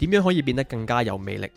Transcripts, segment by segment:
點樣可以變得更加有魅力？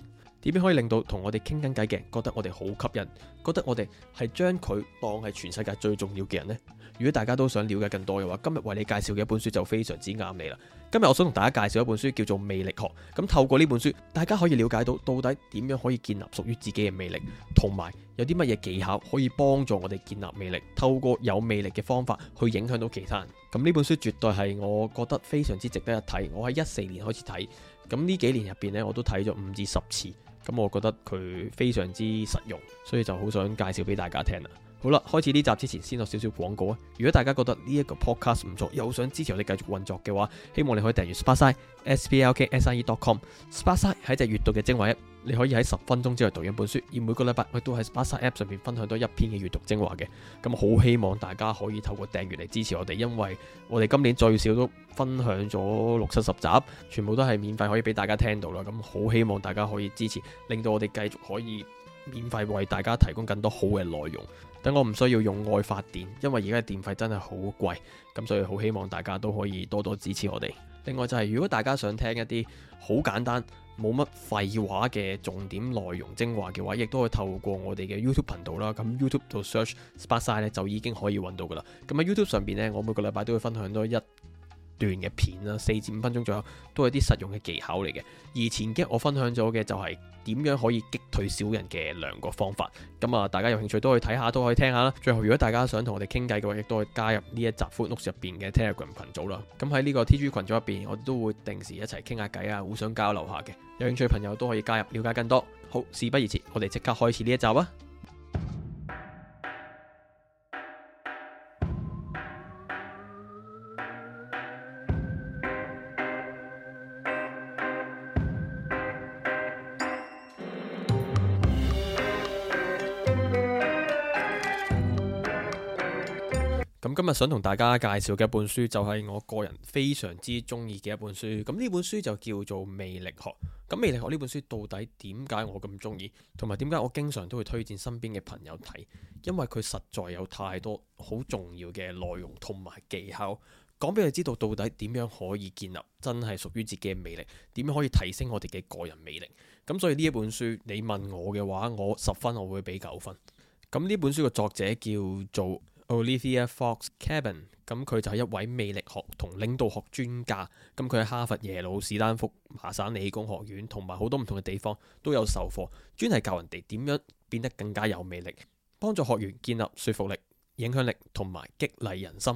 點樣可以令到同我哋傾緊偈嘅人覺得我哋好吸引，覺得我哋係將佢當係全世界最重要嘅人呢？如果大家都想了解更多嘅話，今日為你介紹嘅一本書就非常之啱你啦。今日我想同大家介紹一本書叫做《魅力學》。咁透過呢本書，大家可以了解到到底點樣可以建立屬於自己嘅魅力，同埋有啲乜嘢技巧可以幫助我哋建立魅力。透過有魅力嘅方法去影響到其他人。咁呢本書絕對係我覺得非常之值得一睇。我喺一四年開始睇。咁呢幾年入邊呢，我都睇咗五至十次，咁我覺得佢非常之實用，所以就好想介紹俾大家聽啦。好啦，開始呢集之前先有少少廣告啊。如果大家覺得呢一個 podcast 唔錯，又想支持我哋繼續運作嘅話，希望你可以訂閱 Spasi s p SP l k s i e dot com Spasi 係隻閲讀嘅精華一，你可以喺十分鐘之內讀一本書，而每個禮拜佢都喺 Spasi app 上面分享多一篇嘅閲讀精華嘅。咁好希望大家可以透過訂閱嚟支持我哋，因為我哋今年最少都分享咗六七十集，全部都係免費可以俾大家聽到啦。咁好希望大家可以支持，令到我哋繼續可以免費為大家提供更多好嘅內容。等我唔需要用愛發電，因為而家嘅電費真係好貴，咁所以好希望大家都可以多多支持我哋。另外就係，如果大家想聽一啲好簡單、冇乜廢話嘅重點內容精華嘅話，亦都可以透過我哋嘅 YouTube 頻道啦。咁 YouTube 度 search Spacise 咧，就已經可以揾到噶啦。咁喺 YouTube 上邊呢，我每個禮拜都會分享多一段嘅片啦，四至五分鐘左右，都係啲實用嘅技巧嚟嘅。而前幾日我分享咗嘅就係、是、點樣可以擊退小人嘅兩個方法。咁、嗯、啊，大家有興趣都可以睇下，都可以聽下啦。最後，如果大家想同我哋傾偈嘅話，亦都可以加入呢一集 Fun Look 入邊嘅 Telegram 群組啦。咁喺呢個 TG 群組入邊，我哋都會定時一齊傾下偈啊，互相交流下嘅。有興趣嘅朋友都可以加入，了解更多。好，事不宜遲，我哋即刻開始呢一集啊！今日想同大家介紹嘅一本書，就係我個人非常之中意嘅一本書。咁呢本書就叫做魅力學。咁魅力學呢本書到底點解我咁中意，同埋點解我經常都會推薦身邊嘅朋友睇？因為佢實在有太多好重要嘅內容同埋技巧，講俾你知道到底點樣可以建立真係屬於自己嘅魅力，點樣可以提升我哋嘅個人魅力。咁所以呢一本書，你問我嘅話，我十分我會俾九分。咁呢本書嘅作者叫做。Olivia Fox Cabane 咁佢就係一位魅力學同領導學專家，咁佢喺哈佛、耶魯、史丹福、麻省理工學院同埋好多唔同嘅地方都有授課，專係教人哋點樣變得更加有魅力，幫助學員建立說服力、影響力同埋激勵人心。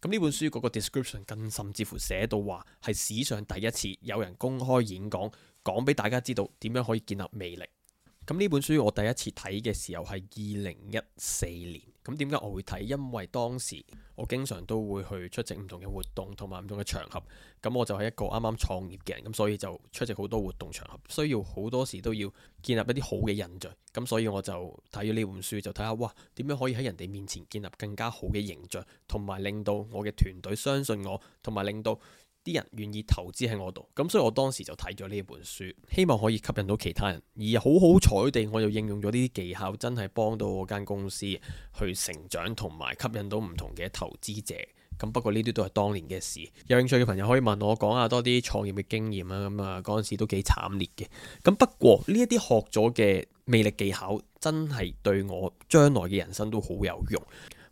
咁呢本書嗰個 description 更甚至乎寫到話係史上第一次有人公開演講，講俾大家知道點樣可以建立魅力。咁呢本書我第一次睇嘅時候係二零一四年。咁點解我會睇？因為當時我經常都會去出席唔同嘅活動同埋唔同嘅場合。咁我就係一個啱啱創業嘅人，咁所以就出席好多活動場合，需要好多時都要建立一啲好嘅印象。咁所以我就睇咗呢本書就看看，就睇下嘩點樣可以喺人哋面前建立更加好嘅形象，同埋令到我嘅團隊相信我，同埋令到。啲人願意投資喺我度，咁所以我當時就睇咗呢本書，希望可以吸引到其他人。而好好彩地，我又應用咗呢啲技巧，真係幫到我間公司去成長同埋吸引到唔同嘅投資者。咁不過呢啲都係當年嘅事。有興趣嘅朋友可以問我講下多啲創業嘅經驗啦。咁啊嗰陣時都幾慘烈嘅。咁不過呢一啲學咗嘅魅力技巧，真係對我將來嘅人生都好有用。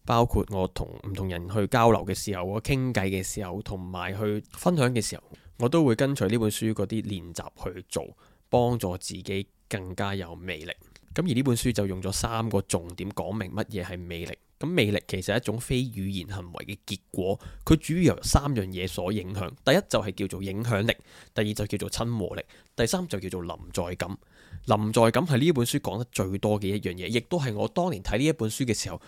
包括我同唔同人去交流嘅時候，我傾偈嘅時候，同埋去分享嘅時候，我都會跟隨呢本書嗰啲練習去做，幫助自己更加有魅力。咁而呢本書就用咗三個重點講明乜嘢係魅力。咁魅力其實係一種非語言行為嘅結果，佢主要由三樣嘢所影響。第一就係叫做影響力，第二就叫做親和力，第三就叫做臨在感。臨在感係呢本書講得最多嘅一樣嘢，亦都係我當年睇呢一本書嘅時候。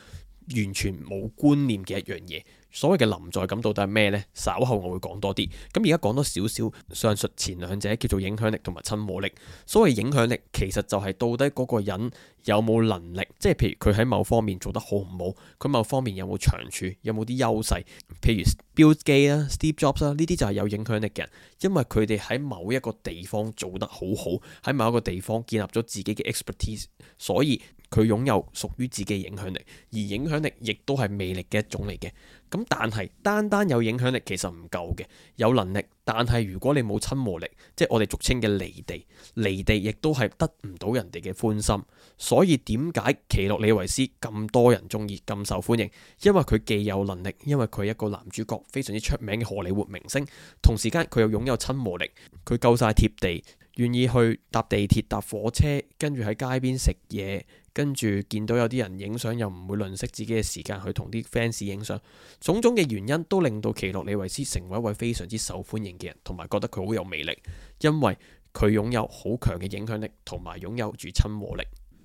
完全冇觀念嘅一樣嘢。所謂嘅臨在感到底係咩呢？稍後我會講多啲。咁而家講多少少，上述前兩者叫做影響力同埋親和力。所謂影響力，其實就係到底嗰個人有冇能力，即係譬如佢喺某方面做得好唔好，佢某方面有冇長處，有冇啲優勢。譬如 Bill Gates、Steve Jobs 啦，呢啲就係有影響力嘅人，因為佢哋喺某一個地方做得好好，喺某一個地方建立咗自己嘅 expertise，所以佢擁有屬於自己嘅影響力。而影響力亦都係魅力嘅一種嚟嘅。咁但係單單有影響力其實唔夠嘅，有能力，但係如果你冇親和力，即係我哋俗稱嘅離地，離地亦都係得唔到人哋嘅歡心。所以點解奇洛李維斯咁多人中意，咁受歡迎？因為佢既有能力，因為佢係一個男主角非常之出名嘅荷里活明星，同時間佢又擁有親和力，佢夠晒貼地，願意去搭地鐵、搭火車，跟住喺街邊食嘢。跟住見到有啲人影相，又唔會吝嗇自己嘅時間去同啲 fans 影相，種種嘅原因都令到奇洛李維斯成為一位非常之受歡迎嘅人，同埋覺得佢好有魅力，因為佢擁有好強嘅影響力，同埋擁有住親和力。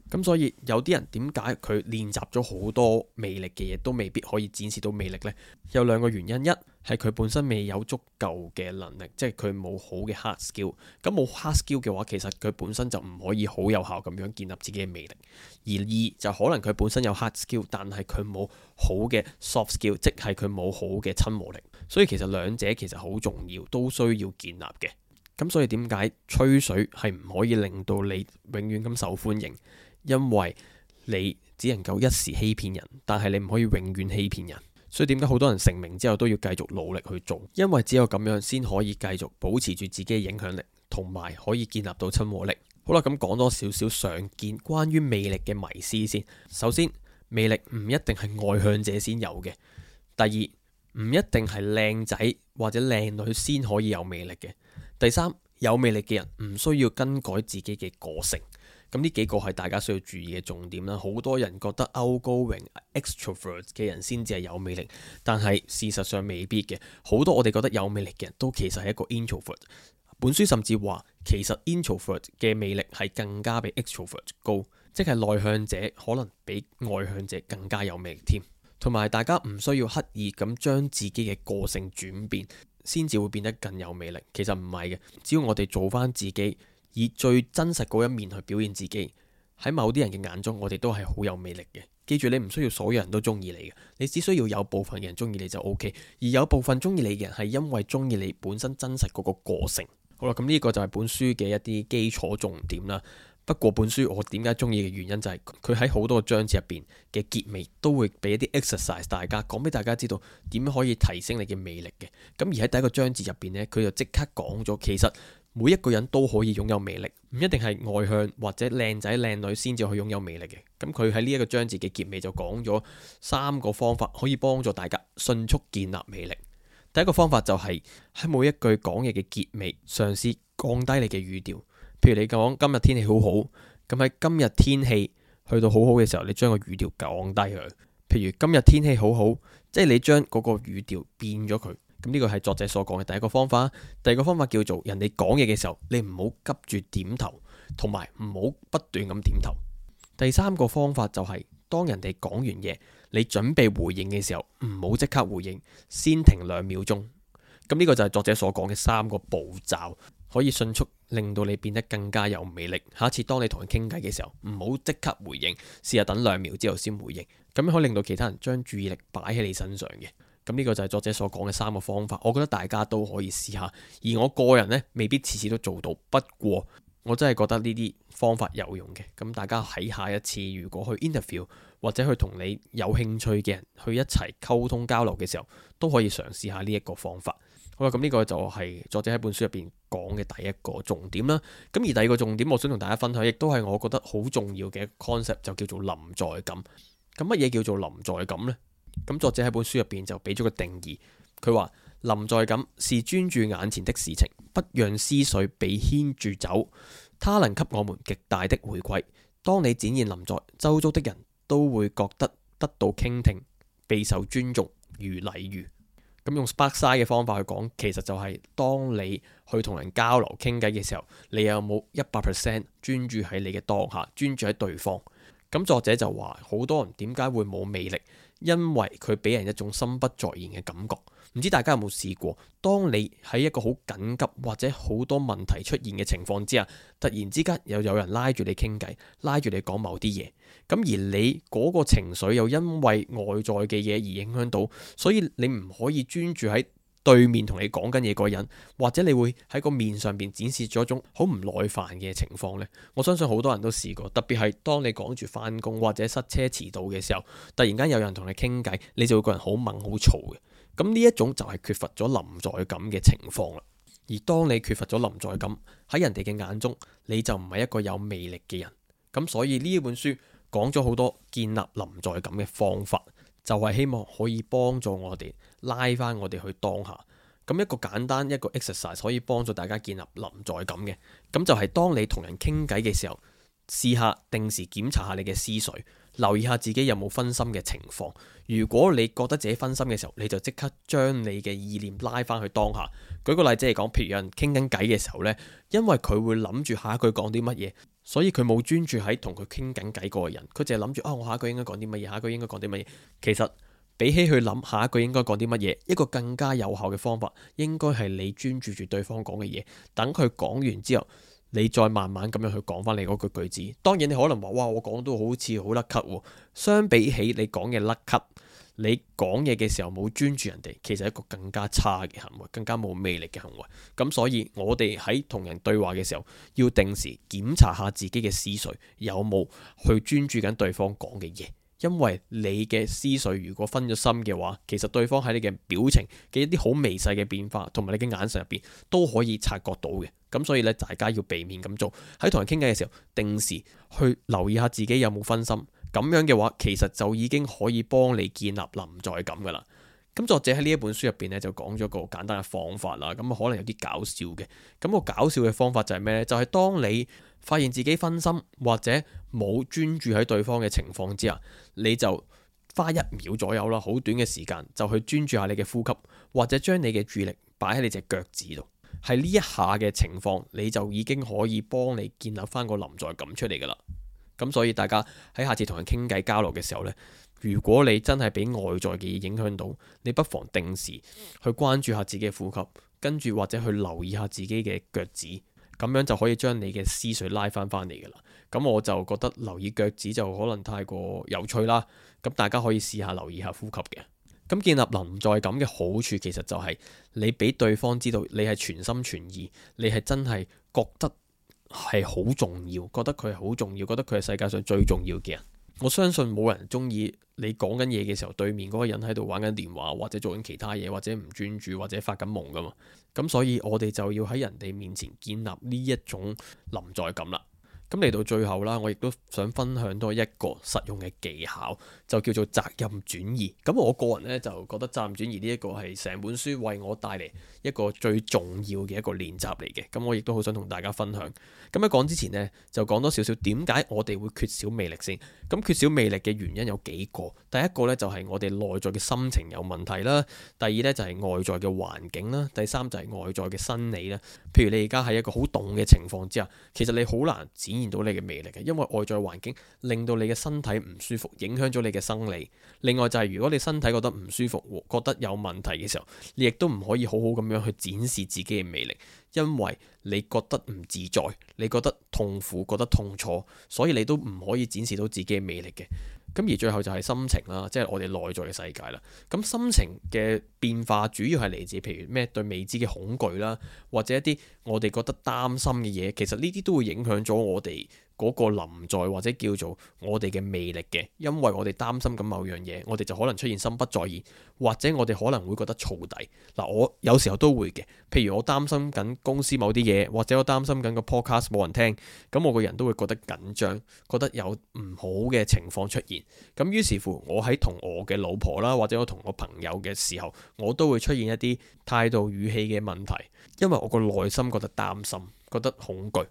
咁所以有啲人點解佢練習咗好多魅力嘅嘢都未必可以展示到魅力咧？有兩個原因一。係佢本身未有足夠嘅能力，即係佢冇好嘅 hard skill。咁冇 hard skill 嘅話，其實佢本身就唔可以好有效咁樣建立自己嘅魅力。而二就可能佢本身有 hard skill，但係佢冇好嘅 soft skill，即係佢冇好嘅親和力。所以其實兩者其實好重要，都需要建立嘅。咁所以點解吹水係唔可以令到你永遠咁受歡迎？因為你只能夠一時欺騙人，但係你唔可以永遠欺騙人。所以點解好多人成名之後都要繼續努力去做？因為只有咁樣先可以繼續保持住自己嘅影響力，同埋可以建立到親和力。好啦，咁講多少少常見關於魅力嘅迷思先。首先，魅力唔一定係外向者先有嘅；第二，唔一定係靚仔或者靚女先可以有魅力嘅；第三，有魅力嘅人唔需要更改自己嘅個性。咁呢幾個係大家需要注意嘅重點啦。好多人覺得 outgoing extrovert 嘅人先至係有魅力，但係事實上未必嘅。好多我哋覺得有魅力嘅人都其實係一個 introvert。本書甚至話，其實 introvert 嘅魅力係更加比 extrovert 高，即係內向者可能比外向者更加有魅力添。同埋大家唔需要刻意咁將自己嘅個性轉變，先至會變得更有魅力。其實唔係嘅，只要我哋做返自己。以最真實嗰一面去表現自己，喺某啲人嘅眼中，我哋都係好有魅力嘅。記住，你唔需要所有人都中意你嘅，你只需要有部分嘅人中意你就 OK。而有部分中意你嘅人係因為中意你本身真實嗰個個性。好啦，咁呢個就係本書嘅一啲基礎重點啦。不過本書我點解中意嘅原因就係佢喺好多個章節入邊嘅結尾都會俾一啲 exercise 大家講俾大家知道點樣可以提升你嘅魅力嘅。咁而喺第一個章節入邊呢，佢就即刻講咗其實。每一個人都可以擁有魅力，唔一定係外向或者靚仔靚女先至可以擁有魅力嘅。咁佢喺呢一個章節嘅結尾就講咗三個方法，可以幫助大家迅速建立魅力。第一個方法就係喺每一句講嘢嘅結尾，嘗試降低你嘅語調。譬如你講今日天氣好好，咁喺今日天氣去到好好嘅時候，你將個語調降低佢。譬如今日天氣好好，即係你將嗰個語調變咗佢。咁呢個係作者所講嘅第一個方法，第二個方法叫做人哋講嘢嘅時候，你唔好急住點頭，同埋唔好不斷咁點頭。第三個方法就係當人哋講完嘢，你準備回應嘅時候，唔好即刻回應，先停兩秒鐘。咁呢個就係作者所講嘅三個步驟，可以迅速令到你變得更加有魅力。下一次當你同佢傾偈嘅時候，唔好即刻回應，試下等兩秒之後先回應，咁樣可以令到其他人將注意力擺喺你身上嘅。咁呢個就係作者所講嘅三個方法，我覺得大家都可以試下。而我個人呢，未必次次都做到，不過我真係覺得呢啲方法有用嘅。咁大家喺下一次如果去 interview 或者去同你有興趣嘅人去一齊溝通交流嘅時候，都可以嘗試，試下呢一個方法。好啦，咁、這、呢個就係作者喺本書入邊講嘅第一個重點啦。咁而第二個重點，我想同大家分享，亦都係我覺得好重要嘅 concept，就叫做臨在感。咁乜嘢叫做臨在感呢？咁作者喺本書入邊就俾咗個定義，佢話臨在感是專注眼前的事情，不讓思緒被牽住走，它能給我們極大的回饋。當你展現臨在，周遭的人都會覺得得到傾聽，備受尊重，如禮遇。咁、嗯、用 Sparkside 嘅方法去講，其實就係當你去同人交流傾偈嘅時候，你有冇一百 percent 專注喺你嘅當下，專注喺對方？咁、嗯、作者就話，好多人點解會冇魅力？因為佢俾人一種心不在焉嘅感覺，唔知大家有冇試過？當你喺一個好緊急或者好多問題出現嘅情況之下，突然之間又有人拉住你傾偈，拉住你講某啲嘢，咁而你嗰個情緒又因為外在嘅嘢而影響到，所以你唔可以專注喺。對面同你講緊嘢，嗰人，或者你會喺個面上面展示咗一種好唔耐煩嘅情況咧。我相信好多人都試過，特別係當你趕住翻工，或者塞車遲到嘅時候，突然間有人同你傾偈，你就會個人好猛好嘈嘅。咁呢一種就係缺乏咗臨在感嘅情況啦。而當你缺乏咗臨在感，喺人哋嘅眼中，你就唔係一個有魅力嘅人。咁所以呢一本書講咗好多建立臨在感嘅方法。就係希望可以幫助我哋拉返我哋去當下，咁一個簡單一個 exercise 可以幫助大家建立臨在感嘅，咁就係當你同人傾偈嘅時候，試下定時檢查下你嘅思緒。留意下自己有冇分心嘅情況，如果你覺得自己分心嘅時候，你就即刻將你嘅意念拉翻去當下。舉個例即係講，譬如有人傾緊偈嘅時候呢，因為佢會諗住下一句講啲乜嘢，所以佢冇專注喺同佢傾緊偈嗰個人，佢淨係諗住啊我下一句應該講啲乜嘢，下一句應該講啲乜嘢。其實比起去諗下一句應該講啲乜嘢，一個更加有效嘅方法，應該係你專注住對方講嘅嘢，等佢講完之後。你再慢慢咁樣去講翻你嗰句句子，當然你可能話，哇，我講到好似好甩咳喎。相比起你講嘅甩咳，你講嘢嘅時候冇專注人哋，其實一個更加差嘅行為，更加冇魅力嘅行為。咁所以，我哋喺同人對話嘅時候，要定時檢查下自己嘅思緒有冇去專注緊對方講嘅嘢。因為你嘅思緒如果分咗心嘅話，其實對方喺你嘅表情嘅一啲好微細嘅變化，同埋你嘅眼神入邊都可以察覺到嘅。咁所以咧，大家要避免咁做。喺同人傾偈嘅時候，定時去留意下自己有冇分心。咁樣嘅話，其實就已經可以幫你建立臨在感噶啦。咁、嗯、作者喺呢一本書入邊咧，就講咗個簡單嘅方法啦。咁、嗯、可能有啲搞笑嘅。咁、嗯、個搞笑嘅方法就係咩呢？就係、是、當你。發現自己分心或者冇專注喺對方嘅情況之下，你就花一秒左右啦，好短嘅時間就去專注下你嘅呼吸，或者將你嘅注意力擺喺你隻腳趾度。喺呢一下嘅情況，你就已經可以幫你建立返個臨在感出嚟噶啦。咁所以大家喺下次同人傾偈交流嘅時候呢，如果你真係俾外在嘅嘢影響到，你不妨定時去關注下自己嘅呼吸，跟住或者去留意下自己嘅腳趾。咁樣就可以將你嘅思緒拉翻翻嚟㗎啦。咁我就覺得留意腳趾就可能太過有趣啦。咁大家可以試下留意下呼吸嘅。咁建立臨在感嘅好處其實就係你俾對方知道你係全心全意，你係真係覺得係好重要，覺得佢係好重要，覺得佢係世界上最重要嘅人。我相信冇人鍾意你講緊嘢嘅時候，對面嗰個人喺度玩緊電話，或者做緊其他嘢，或者唔專注，或者發緊夢㗎嘛。咁所以我哋就要喺人哋面前建立呢一種臨在感啦。咁嚟到最後啦，我亦都想分享多一個實用嘅技巧，就叫做責任轉移。咁我個人咧就覺得責任轉移呢一個係成本書為我帶嚟一個最重要嘅一個練習嚟嘅。咁我亦都好想同大家分享。咁喺講之前咧，就講多少少點解我哋會缺少魅力先。咁缺少魅力嘅原因有幾個。第一個咧就係、是、我哋內在嘅心情有問題啦；第二咧就係、是、外在嘅環境啦；第三就係外在嘅生理啦。譬如你而家喺一個好凍嘅情況之下，其實你好難展。見到你嘅魅力嘅，因為外在環境令到你嘅身體唔舒服，影響咗你嘅生理。另外就係如果你身體覺得唔舒服，覺得有問題嘅時候，你亦都唔可以好好咁樣去展示自己嘅魅力，因為你覺得唔自在，你覺得痛苦，覺得痛楚，所以你都唔可以展示到自己嘅魅力嘅。咁而最後就係心情啦，即係我哋內在嘅世界啦。咁心情嘅變化主要係嚟自，譬如咩對未知嘅恐懼啦，或者一啲。我哋覺得擔心嘅嘢，其實呢啲都會影響咗我哋嗰個臨在或者叫做我哋嘅魅力嘅，因為我哋擔心緊某樣嘢，我哋就可能出現心不在焉，或者我哋可能會覺得燥底。嗱、啊，我有時候都會嘅，譬如我擔心緊公司某啲嘢，或者我擔心緊個 podcast 冇人聽，咁我個人都會覺得緊張，覺得有唔好嘅情況出現。咁於是乎，我喺同我嘅老婆啦，或者我同我朋友嘅時候，我都會出現一啲態度語氣嘅問題，因為我個內心。覺得擔心，覺得恐懼，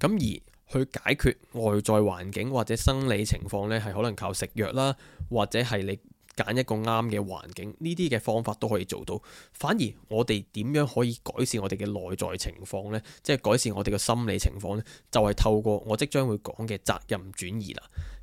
咁而去解決外在環境或者生理情況呢係可能靠食藥啦，或者係你揀一個啱嘅環境，呢啲嘅方法都可以做到。反而我哋點樣可以改善我哋嘅內在情況呢？即係改善我哋嘅心理情況呢，就係透過我即將會講嘅責任轉移啦。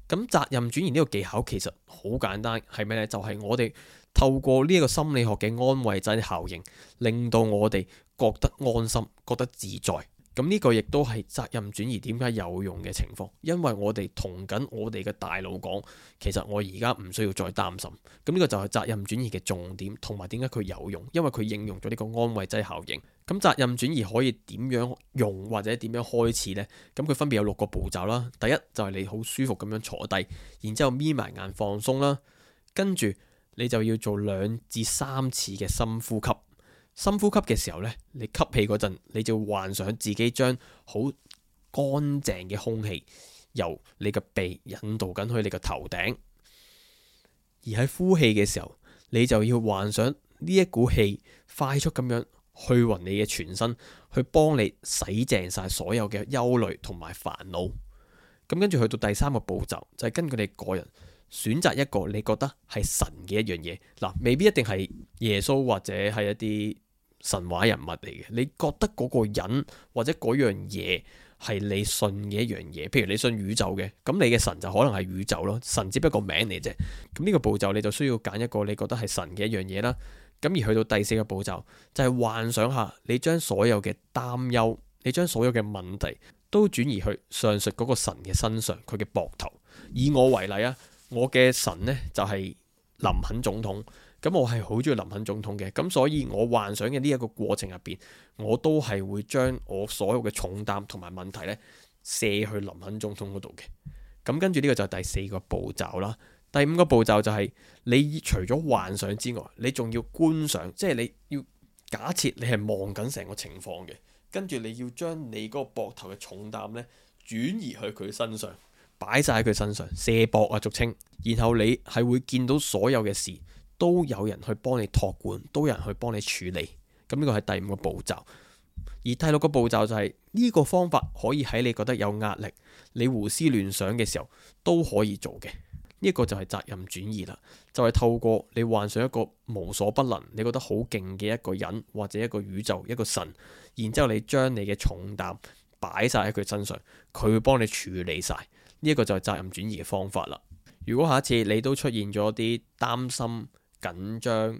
咁責任轉移呢個技巧其實好簡單，係咩咧？就係我哋透過呢一個心理學嘅安慰劑效應，令到我哋。覺得安心，覺得自在，咁呢個亦都係責任轉移點解有用嘅情況，因為我哋同緊我哋嘅大腦講，其實我而家唔需要再擔心，咁呢個就係責任轉移嘅重點，同埋點解佢有用，因為佢應用咗呢個安慰劑效應。咁責任轉移可以點樣用或者點樣開始呢？咁佢分別有六個步驟啦。第一就係你好舒服咁樣坐低，然之後眯埋眼放鬆啦，跟住你就要做兩至三次嘅深呼吸。深呼吸嘅時候呢，你吸氣嗰陣，你就幻想自己將好乾淨嘅空氣由你嘅鼻引導緊去你嘅頭頂；而喺呼氣嘅時候，你就要幻想呢一股氣快速咁樣去匀你嘅全身，去幫你洗淨晒所有嘅憂慮同埋煩惱。咁跟住去到第三個步驟，就係根據你個人。選擇一個你覺得係神嘅一樣嘢，嗱，未必一定係耶穌或者係一啲神話人物嚟嘅。你覺得嗰個人或者嗰樣嘢係你信嘅一樣嘢，譬如你信宇宙嘅，咁你嘅神就可能係宇宙咯，神只不過名嚟啫。咁呢個步驟你就需要揀一個你覺得係神嘅一樣嘢啦。咁而去到第四個步驟就係幻想下，你將所有嘅擔憂，你將所有嘅問題都轉移去上述嗰個神嘅身上，佢嘅膊頭。以我為例啊。我嘅神呢，就係、是、林肯總統，咁我係好中意林肯總統嘅，咁所以我幻想嘅呢一個過程入邊，我都係會將我所有嘅重擔同埋問題呢，卸去林肯總統嗰度嘅，咁跟住呢個就係第四個步驟啦。第五個步驟就係、是、你除咗幻想之外，你仲要觀想，即係你要假設你係望緊成個情況嘅，跟住你要將你嗰個膊頭嘅重擔呢，轉移去佢身上。擺晒喺佢身上，卸膊啊，俗稱。然後你係會見到所有嘅事都有人去幫你託管，都有人去幫你處理。咁呢個係第五個步驟。而第六個步驟就係呢個方法可以喺你覺得有壓力、你胡思亂想嘅時候都可以做嘅。呢一個就係責任轉移啦，就係透過你幻想一個無所不能、你覺得好勁嘅一個人或者一個宇宙一個神，然之後你將你嘅重擔擺晒喺佢身上，佢會幫你處理晒。呢個就係責任轉移嘅方法啦。如果下一次你都出現咗啲擔心、緊張、緊張，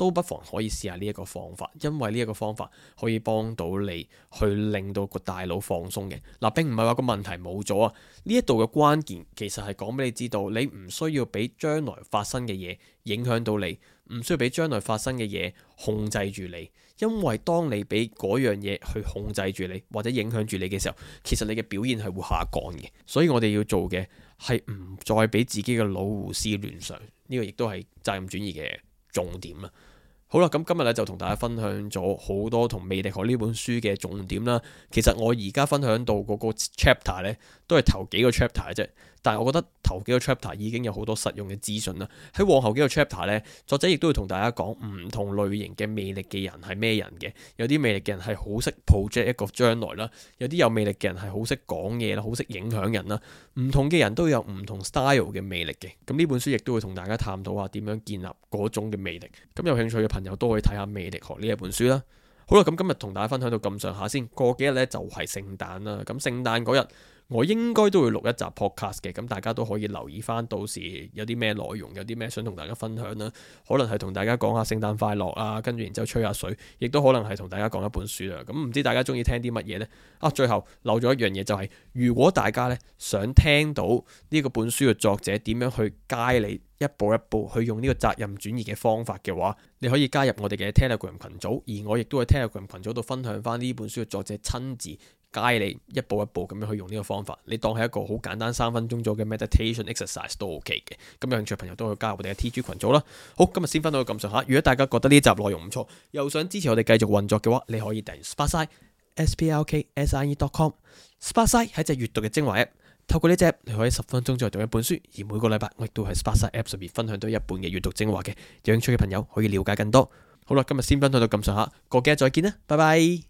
都不妨可以試下呢一個方法，因為呢一個方法可以幫到你去令到個大腦放鬆嘅。嗱、啊，並唔係話個問題冇咗啊。呢一度嘅關鍵其實，係講俾你知道，你唔需要俾將來發生嘅嘢影響到你，唔需要俾將來發生嘅嘢控制住你。因為當你俾嗰樣嘢去控制住你或者影響住你嘅時候，其實你嘅表現係會下降嘅。所以我哋要做嘅係唔再俾自己嘅腦胡思亂想，呢、這個亦都係責任轉移嘅重點啊。好啦，咁今日咧就同大家分享咗好多同《魅力學》呢本書嘅重點啦。其實我而家分享到嗰個 chapter 呢，都係頭幾個 chapter 啫。但係，我覺得頭幾個 chapter 已經有好多實用嘅資訊啦。喺往後幾個 chapter 呢，作者亦都會同大家講唔同類型嘅魅力嘅人係咩人嘅。有啲魅力嘅人係好識 project 一個將來啦，有啲有魅力嘅人係好識講嘢啦，好識影響人啦。唔同嘅人都有唔同 style 嘅魅力嘅。咁呢本書亦都會同大家探討下點樣建立嗰種嘅魅力。咁有興趣嘅朋友都可以睇下《魅力學》呢一本書啦。好啦，咁今日同大家分享到咁上下先。過幾日呢就係聖誕啦。咁聖誕嗰日。我應該都會錄一集 podcast 嘅，咁大家都可以留意返，到時有啲咩內容，有啲咩想同大家分享啦。可能係同大家講下聖誕快樂啊，跟住然之後吹下水，亦都可能係同大家講一本書啊。咁唔知大家鍾意聽啲乜嘢呢？啊，最後漏咗一樣嘢就係、是，如果大家呢想聽到呢個本書嘅作者點樣去 guide 你一步一步去用呢個責任轉移嘅方法嘅話，你可以加入我哋嘅 Telegram 群組，而我亦都喺 Telegram 群組度分享返呢本書嘅作者親自。教你一步一步咁樣去用呢個方法，你當係一個好簡單三分鐘左右嘅 meditation exercise 都 OK 嘅。咁有興趣嘅朋友都可以加入我哋嘅 TG 群組啦。好，今日先分享到咁上下。如果大家覺得呢集內容唔錯，又想支持我哋繼續運作嘅話，你可以訂閱 Spasi，SPLK s i e dot com。Spasi 係一隻閱讀嘅精華 app，透過呢隻 app，你可以十分鐘左右讀一本書，而每個禮拜我亦都喺 Spasi app 上面分享到一本嘅閱讀精華嘅。有興趣嘅朋友可以了解更多。好啦，今日先分享到咁上下，過幾日再見啦，拜拜。